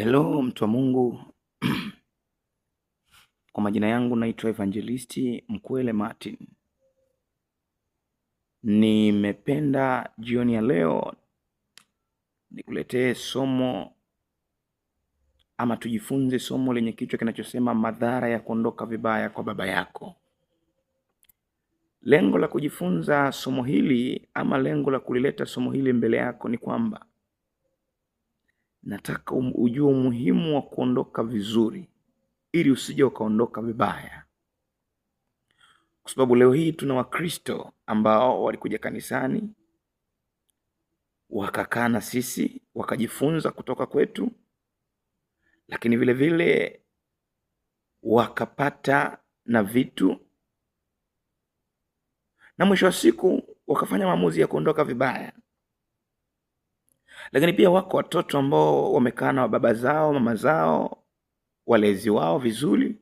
Hello mtu wa Mungu. Kwa majina yangu naitwa Evangelisti Mkwele Martin. Nimependa jioni ya leo nikuletee somo ama tujifunze somo lenye kichwa kinachosema madhara ya kuondoka vibaya kwa baba yako. Lengo la kujifunza somo hili ama lengo la kulileta somo hili mbele yako ni kwamba nataka um-, ujue umuhimu wa kuondoka vizuri ili usije ukaondoka vibaya, kwa sababu leo hii tuna Wakristo ambao walikuja kanisani wakakaa na sisi wakajifunza kutoka kwetu, lakini vile vile wakapata na vitu, na mwisho wa siku wakafanya maamuzi ya kuondoka vibaya. Lakini pia wako watoto ambao wamekaa na baba zao, mama zao, walezi wao vizuri,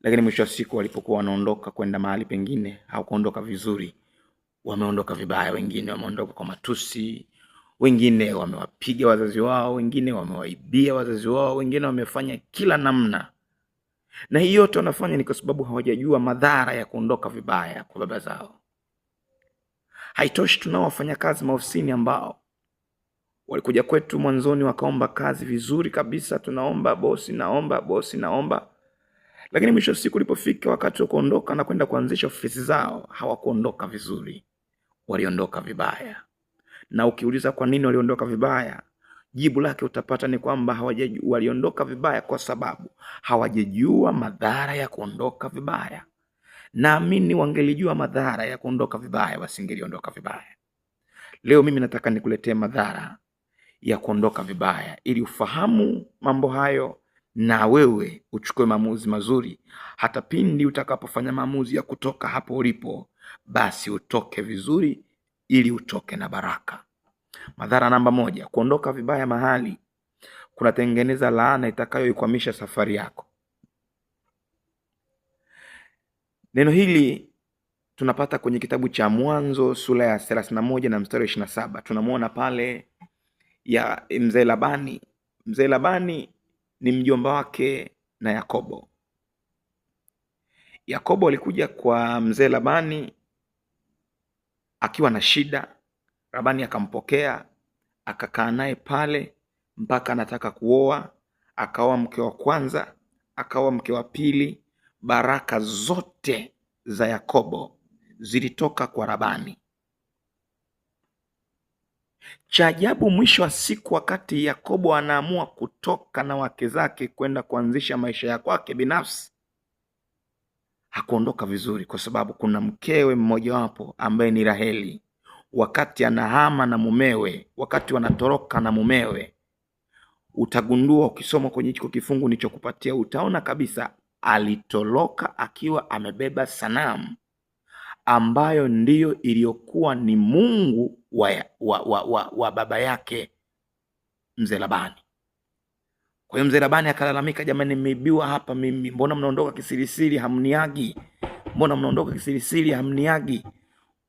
lakini mwisho wa siku walipokuwa wanaondoka kwenda mahali pengine, hawakuondoka vizuri, wameondoka vibaya. Wengine wameondoka kwa matusi, wengine wamewapiga wazazi wao, wengine wamewaibia wazazi wao, wengine wamefanya kila namna na hii yote wanafanya ni kwa sababu hawajajua madhara ya kuondoka vibaya kwa baba zao. Haitoshi, tunao wafanyakazi maofisini ambao walikuja kwetu mwanzoni wakaomba kazi vizuri kabisa, tunaomba bosi, naomba bosi, naomba lakini mwisho siku ulipofika wakati wa kuondoka na kwenda kuanzisha ofisi zao, hawakuondoka vizuri, waliondoka vibaya. Na ukiuliza kwa nini waliondoka vibaya, jibu lake utapata ni kwamba hawajajua. Waliondoka vibaya kwa sababu hawajajua madhara ya kuondoka vibaya. Naamini wangelijua madhara ya kuondoka vibaya, wasingeliondoka vibaya. Leo mimi nataka nikuletee madhara ya kuondoka vibaya, ili ufahamu mambo hayo na wewe uchukue maamuzi mazuri. Hata pindi utakapofanya maamuzi ya kutoka hapo ulipo, basi utoke vizuri, ili utoke na baraka. Madhara namba moja, kuondoka vibaya mahali kunatengeneza laana itakayoikwamisha safari yako. Neno hili tunapata kwenye kitabu cha Mwanzo sura ya thelathini na moja na mstari wa ishirini na saba. Tunamwona pale ya mzee Labani. Mzee Labani ni mjomba wake na Yakobo. Yakobo alikuja kwa mzee Labani akiwa na shida. Labani akampokea akakaa naye pale mpaka anataka kuoa. Akaoa mke wa kwanza, akaoa mke wa pili. Baraka zote za Yakobo zilitoka kwa Labani. Cha ajabu mwisho wa siku wakati Yakobo anaamua kutoka na wake zake kwenda kuanzisha maisha ya kwake binafsi, hakuondoka vizuri kwa sababu kuna mkewe mmojawapo ambaye ni Raheli. Wakati anahama na mumewe, wakati wanatoroka na mumewe, utagundua ukisoma kwenye hicho kifungu nilichokupatia, utaona kabisa alitoroka akiwa amebeba sanamu ambayo ndiyo iliyokuwa ni Mungu wa, wa, wa, wa, wa baba yake mzee Labani. Kwa hiyo mzee Labani akalalamika, jamani, nimeibiwa hapa mimi, mbona mnaondoka kisirisiri, hamniagi? Mbona mnaondoka kisirisiri, hamniagi?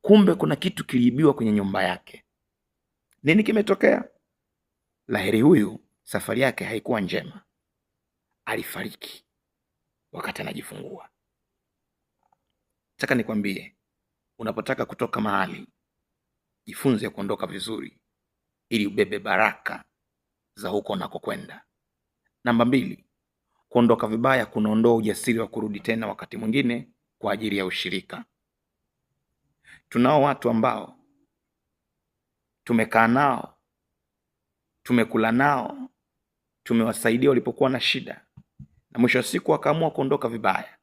Kumbe kuna kitu kiliibiwa kwenye nyumba yake. Nini kimetokea? Laheri huyu safari yake haikuwa njema, alifariki wakati anajifungua. taka nikwambie, unapotaka kutoka mahali jifunze kuondoka vizuri ili ubebe baraka za huko unakokwenda. Namba mbili, kuondoka vibaya kunaondoa ujasiri wa kurudi tena wakati mwingine kwa ajili ya ushirika. Tunao watu ambao tumekaa nao, tumekula nao, tumewasaidia walipokuwa na shida, na mwisho wa siku wakaamua kuondoka vibaya.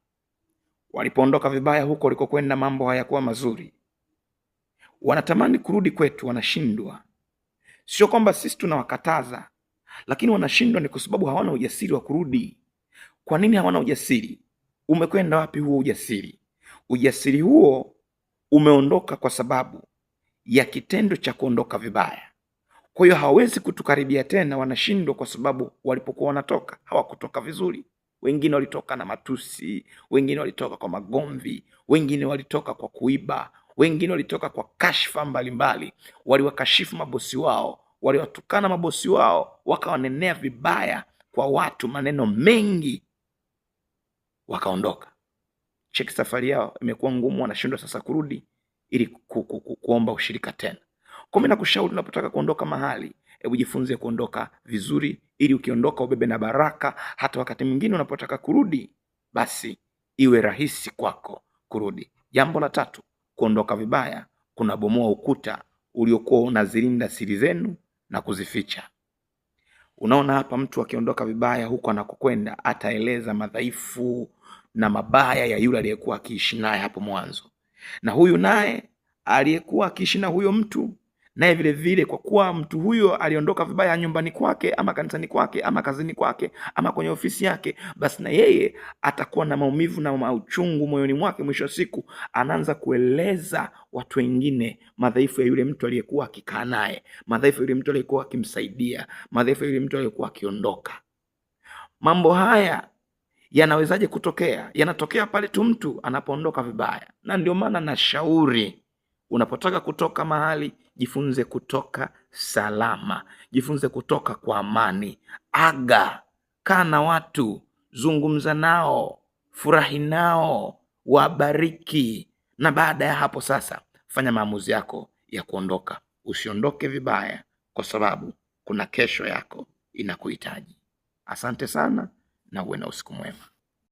Walipoondoka vibaya huko walikokwenda, mambo hayakuwa mazuri, wanatamani kurudi kwetu, wanashindwa. Sio kwamba sisi tunawakataza, lakini wanashindwa ni kwa sababu hawana ujasiri wa kurudi. Kwa nini hawana ujasiri? Umekwenda wapi huo ujasiri? Ujasiri huo umeondoka kwa sababu ya kitendo cha kuondoka vibaya. Kwa hiyo hawawezi kutukaribia tena, wanashindwa kwa sababu walipokuwa wanatoka hawakutoka vizuri. Wengine walitoka na matusi, wengine walitoka kwa magomvi, wengine walitoka kwa kuiba, wengine walitoka kwa kashfa mbalimbali, waliwakashifu mabosi wao, waliwatukana mabosi wao, wakawanenea vibaya kwa watu, maneno mengi, wakaondoka. Cheki safari yao imekuwa ngumu, wanashindwa sasa kurudi ili ku, ku, ku, kuomba ushirika tena. Kwa mimi nakushauri unapotaka kuondoka mahali, hebu jifunze kuondoka vizuri, ili ukiondoka ubebe na baraka. Hata wakati mwingine unapotaka kurudi, basi iwe rahisi kwako kurudi. Jambo la tatu, kuondoka vibaya kunabomoa ukuta uliokuwa unazilinda siri zenu na kuzificha. Unaona hapa, mtu akiondoka vibaya huko anakokwenda, ataeleza madhaifu na mabaya ya yule aliyekuwa akiishi naye hapo mwanzo, na huyu naye aliyekuwa akiishi na huyo mtu naye vile vile, kwa kuwa mtu huyo aliondoka vibaya nyumbani kwake ama kanisani kwake ama kazini kwake ama kwenye ofisi yake, basi na yeye atakuwa na maumivu na mauchungu moyoni mwake. Mwisho wa siku, anaanza kueleza watu wengine madhaifu ya yule mtu aliyekuwa akikaa naye, madhaifu ya yule mtu aliyekuwa akimsaidia, madhaifu ya yule mtu aliyekuwa akiondoka. Mambo haya yanawezaje kutokea? Yanatokea pale tu mtu anapoondoka vibaya, na ndio maana nashauri Unapotaka kutoka mahali, jifunze kutoka salama, jifunze kutoka kwa amani. Aga, kaa na watu, zungumza nao, furahi nao, wabariki. Na baada ya hapo sasa, fanya maamuzi yako ya kuondoka. Usiondoke vibaya, kwa sababu kuna kesho yako inakuhitaji. Asante sana na uwe na usiku mwema.